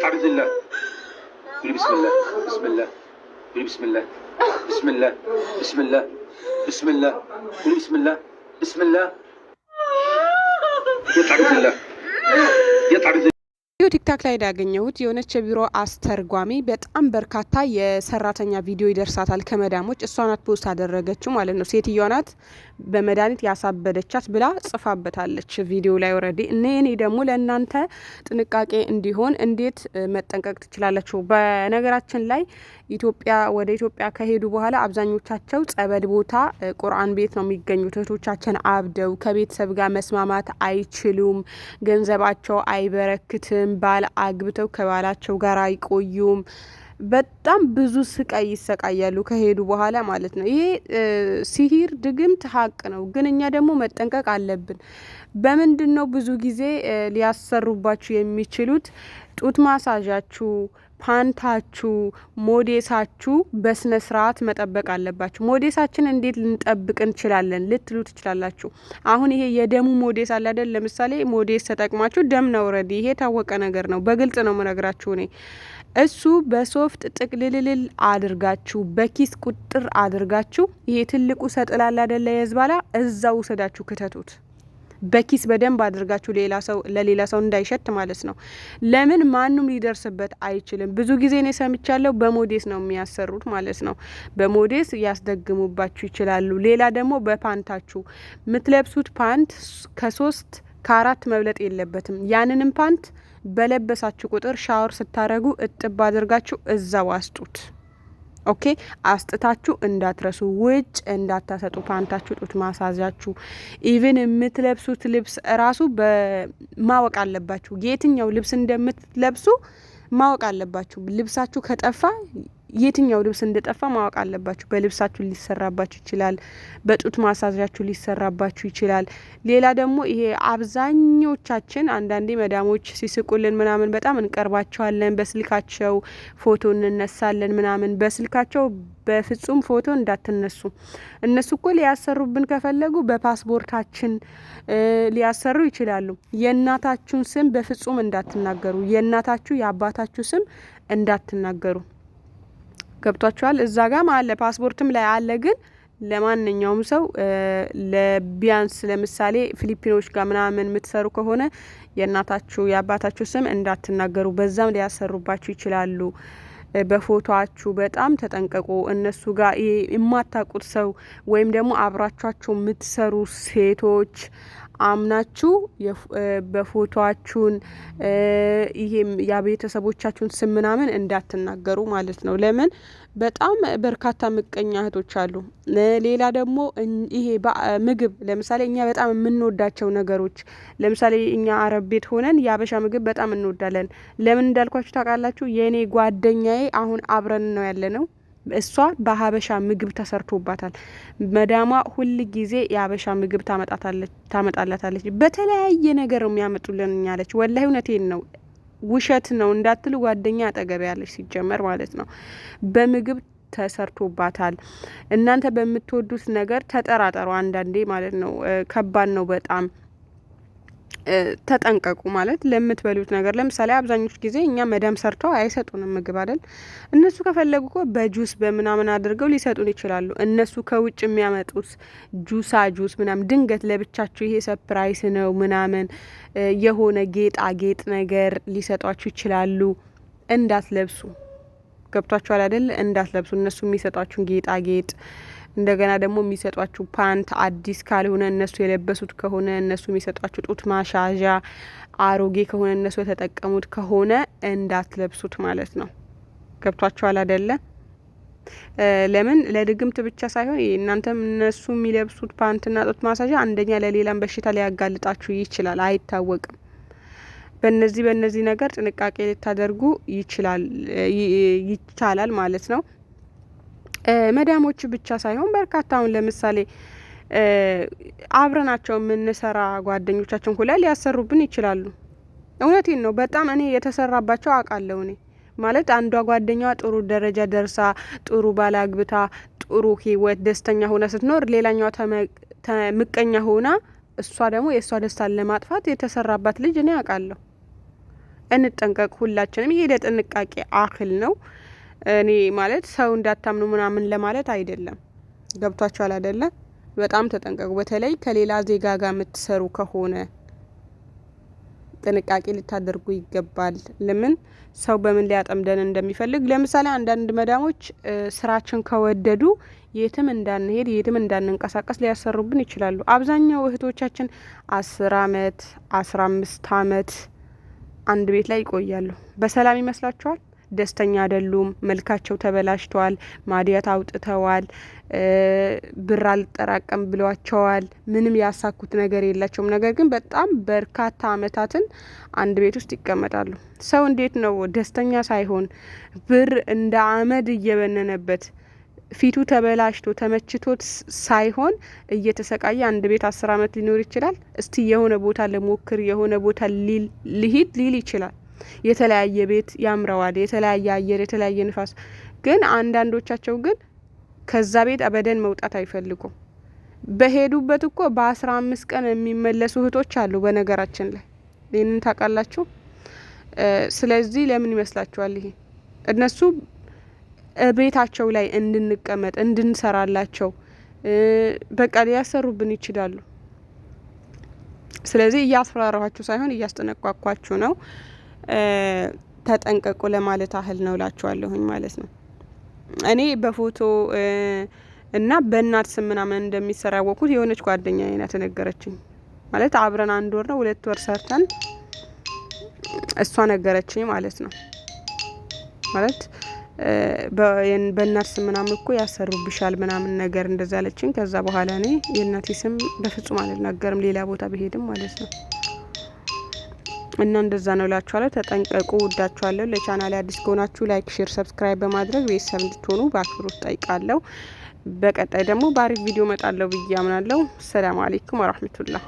تعبد لله الله بسم الله بسم الله بسم الله بسم الله بسم الله بسم الله قولي بسم الله بسم الله يا تعبد لله يا تعبد ቲክታክ ላይ ያገኘሁት የሆነች የቢሮ አስተርጓሚ በጣም በርካታ የሰራተኛ ቪዲዮ ይደርሳታል ከመዳሞች እሷ ናት ፖስት አደረገችው ማለት ነው። ሴትዮዋ ናት በመድኃኒት ያሳበደቻት ብላ ጽፋበታለች ቪዲዮ ላይ ወረዴ እኔ እኔ ደግሞ ለእናንተ ጥንቃቄ እንዲሆን እንዴት መጠንቀቅ ትችላላችሁ። በነገራችን ላይ ኢትዮጵያ ወደ ኢትዮጵያ ከሄዱ በኋላ አብዛኞቻቸው ጸበል ቦታ፣ ቁርአን ቤት ነው የሚገኙት። እህቶቻችን አብደው ከቤተሰብ ጋር መስማማት አይችሉም። ገንዘባቸው አይበረክትም። ባል አግብተው ከባላቸው ጋር አይቆዩም። በጣም ብዙ ስቃይ ይሰቃያሉ ከሄዱ በኋላ ማለት ነው። ይሄ ሲሂር ድግምት ሀቅ ነው፣ ግን እኛ ደግሞ መጠንቀቅ አለብን። በምንድን ነው ብዙ ጊዜ ሊያሰሩባችሁ የሚችሉት? ጡት ማሳዣችሁ ፓንታችሁ ሞዴሳችሁ በስነ ስርዓት መጠበቅ አለባችሁ። ሞዴሳችን እንዴት ልንጠብቅ እንችላለን ልትሉ ትችላላችሁ። አሁን ይሄ የደሙ ሞዴስ አለ አይደል? ለምሳሌ ሞዴስ ተጠቅማችሁ ደም ነው ረዲ። ይሄ የታወቀ ነገር ነው። በግልጽ ነው ምነግራችሁ እኔ እሱ በሶፍት ጥቅልልልል አድርጋችሁ በኪስ ቁጥር አድርጋችሁ ይሄ ትልቁ ሰጥላላ አይደለ? የዝባላ እዛ ውሰዳችሁ ክተቱት። በኪስ በደንብ አድርጋችሁ ሌላ ሰው ለሌላ ሰው እንዳይሸት ማለት ነው። ለምን ማንም ሊደርስበት አይችልም። ብዙ ጊዜ ነው ሰምቻለሁ። በሞዴስ ነው የሚያሰሩት ማለት ነው። በሞዴስ ያስደግሙባችሁ ይችላሉ። ሌላ ደግሞ በፓንታችሁ የምትለብሱት ፓንት ከሶስት ከአራት መብለጥ የለበትም። ያንንም ፓንት በለበሳችሁ ቁጥር ሻወር ስታረጉ እጥብ አድርጋችሁ እዛው አስጡት። ኦኬ አስጥታችሁ እንዳትረሱ፣ ውጭ እንዳታሰጡ። ፓንታችሁ፣ ጡት ማሳዣችሁ፣ ኢቭን የምትለብሱት ልብስ እራሱ ማወቅ አለባችሁ። የትኛው ልብስ እንደምትለብሱ ማወቅ አለባችሁ። ልብሳችሁ ከጠፋ የትኛው ልብስ እንደጠፋ ማወቅ አለባችሁ። በልብሳችሁ ሊሰራባችሁ ይችላል። በጡት ማሳዣችሁ ሊሰራባችሁ ይችላል። ሌላ ደግሞ ይሄ አብዛኞቻችን አንዳንዴ መዳሞች ሲስቁልን ምናምን በጣም እንቀርባቸዋለን። በስልካቸው ፎቶ እንነሳለን ምናምን። በስልካቸው በፍጹም ፎቶ እንዳትነሱ። እነሱ እኮ ሊያሰሩብን ከፈለጉ በፓስፖርታችን ሊያሰሩ ይችላሉ። የእናታችሁን ስም በፍጹም እንዳትናገሩ። የእናታችሁ የአባታችሁ ስም እንዳትናገሩ። ገብቷችኋል። እዛ ጋም አለ ፓስፖርትም ላይ አለ ግን ለማንኛውም ሰው ለቢያንስ ለምሳሌ ፊሊፒኖች ጋር ምናምን የምትሰሩ ከሆነ የእናታችሁ የአባታችሁ ስም እንዳትናገሩ፣ በዛም ሊያሰሩባችሁ ይችላሉ። በፎቶችሁ በጣም ተጠንቀቁ። እነሱ ጋር የማታውቁት ሰው ወይም ደግሞ አብራችኋቸው የምትሰሩ ሴቶች አምናችሁ በፎቶችሁን ይሄም የቤተሰቦቻችሁን ስም ምናምን እንዳትናገሩ ማለት ነው። ለምን በጣም በርካታ ምቀኛ እህቶች አሉ። ሌላ ደግሞ ይሄ ምግብ ለምሳሌ እኛ በጣም የምንወዳቸው ነገሮች ለምሳሌ እኛ አረብ ቤት ሆነን የአበሻ ምግብ በጣም እንወዳለን። ለምን እንዳልኳችሁ ታውቃላችሁ? የእኔ ጓደኛዬ አሁን አብረን ነው ያለ ነው እሷ በሀበሻ ምግብ ተሰርቶባታል። መዳሟ ሁል ጊዜ የሀበሻ ምግብ ታመጣላታለች። በተለያየ ነገር ነው የሚያመጡልን ያለች። ወላሂ እውነቴን ነው። ውሸት ነው እንዳትል ጓደኛ አጠገብ ያለች ሲጀመር ማለት ነው። በምግብ ተሰርቶባታል። እናንተ በምትወዱት ነገር ተጠራጠሩ። አንዳንዴ ማለት ነው ከባድ ነው በጣም ተጠንቀቁ ማለት ለምትበሉት ነገር ለምሳሌ አብዛኞቹ ጊዜ እኛ መዳም ሰርተው አይሰጡንም ምግብ አይደል። እነሱ ከፈለጉ ኮ በጁስ በምናምን አድርገው ሊሰጡን ይችላሉ። እነሱ ከውጭ የሚያመጡት ጁሳ ጁስ ምናምን ድንገት ለብቻችሁ ይሄ ሰፕራይስ ነው ምናምን የሆነ ጌጣጌጥ ነገር ሊሰጧችሁ ይችላሉ። እንዳትለብሱ ገብቷችኋል አይደል? እንዳትለብሱ እነሱ የሚሰጧችሁን ጌጣጌጥ እንደገና ደግሞ የሚሰጧችሁ ፓንት አዲስ ካልሆነ እነሱ የለበሱት ከሆነ እነሱ የሚሰጧችሁ ጡት ማሻዣ አሮጌ ከሆነ እነሱ የተጠቀሙት ከሆነ እንዳትለብሱት ማለት ነው። ገብቷችኋል አደለ? ለምን ለድግምት ብቻ ሳይሆን እናንተም እነሱ የሚለብሱት ፓንትና ጡት ማሳዣ አንደኛ ለሌላም በሽታ ሊያጋልጣችሁ ይችላል፣ አይታወቅም። በነዚህ በነዚህ ነገር ጥንቃቄ ልታደርጉ ይችላል ይቻላል ማለት ነው። መዳሞች ብቻ ሳይሆን በርካታ ለምሳሌ አብረናቸው የምንሰራ ጓደኞቻችን ሁላ ሊያሰሩብን ይችላሉ። እውነቴን ነው። በጣም እኔ የተሰራባቸው አውቃለሁ። እኔ ማለት አንዷ ጓደኛዋ ጥሩ ደረጃ ደርሳ ጥሩ ባል አግብታ ጥሩ ህይወት ደስተኛ ሆና ስትኖር ሌላኛዋ ምቀኛ ሆና እሷ ደግሞ የእሷ ደስታን ለማጥፋት የተሰራባት ልጅ እኔ አውቃለሁ። እንጠንቀቅ ሁላችንም። ይሄ ለጥንቃቄ አክል ነው። እኔ ማለት ሰው እንዳታምኑ ምናምን ለማለት አይደለም። ገብቷችኋል አይደለም? በጣም ተጠንቀቁ። በተለይ ከሌላ ዜጋ ጋር የምትሰሩ ከሆነ ጥንቃቄ ልታደርጉ ይገባል። ለምን ሰው በምን ሊያጠምደን እንደሚፈልግ ለምሳሌ አንዳንድ መዳሞች ስራችን ከወደዱ የትም እንዳንሄድ የትም እንዳንንቀሳቀስ ሊያሰሩብን ይችላሉ። አብዛኛው እህቶቻችን አስር አመት አስራ አምስት አመት አንድ ቤት ላይ ይቆያሉ። በሰላም ይመስላችኋል? ደስተኛ አይደሉም። መልካቸው ተበላሽተዋል፣ ማዲያት አውጥተዋል፣ ብር አልጠራቀም ብሏቸዋል። ምንም ያሳኩት ነገር የላቸውም። ነገር ግን በጣም በርካታ አመታትን አንድ ቤት ውስጥ ይቀመጣሉ። ሰው እንዴት ነው ደስተኛ ሳይሆን ብር እንደ አመድ እየበነነበት ፊቱ ተበላሽቶ ተመችቶት ሳይሆን እየተሰቃየ አንድ ቤት አስር አመት ሊኖር ይችላል። እስቲ የሆነ ቦታ ለሞክር የሆነ ቦታ ልሂድ ሊል ይችላል። የተለያየ ቤት ያምረዋል፣ የተለያየ አየር፣ የተለያየ ንፋስ። ግን አንዳንዶቻቸው ግን ከዛ ቤት አበደን መውጣት አይፈልጉም። በሄዱበት እኮ በአስራ አምስት ቀን የሚመለሱ እህቶች አሉ። በነገራችን ላይ ይህንን ታውቃላችሁ። ስለዚህ ለምን ይመስላችኋል? ይሄ እነሱ ቤታቸው ላይ እንድንቀመጥ እንድንሰራላቸው በቃ ሊያሰሩብን ይችላሉ። ስለዚህ እያስፈራራኋችሁ ሳይሆን እያስጠነቋኳችሁ ነው። ተጠንቀቁ ለማለት አህል ነው ላችኋለሁኝ ማለት ነው። እኔ በፎቶ እና በእናት ስም ምናምን እንደሚሰራ የሆነች ጓደኛ ናት ነገረችኝ። ማለት አብረን አንድ ወር ነው ሁለት ወር ሰርተን እሷ ነገረችኝ ማለት ነው። ማለት በእናት ስም ምናምን እኮ ያሰሩብሻል ምናምን ነገር እንደዛ አለችኝ። ከዛ በኋላ እኔ የእናቴ ስም በፍጹም አልናገርም ሌላ ቦታ ብሄድም ማለት ነው። እና እንደዛ ነው እላችኋለሁ። ተጠንቀቁ። ወዳችኋለሁ። ለቻናል አዲስ ከሆናችሁ ላይክ፣ ሼር፣ ሰብስክራይብ በማድረግ ቤተሰብ እንድትሆኑ በአክብሮት ጠይቃለሁ። በቀጣይ ደግሞ በአሪፍ ቪዲዮ እመጣለሁ ብዬ አምናለሁ። ሰላም አሌይኩም ወረህመቱላህ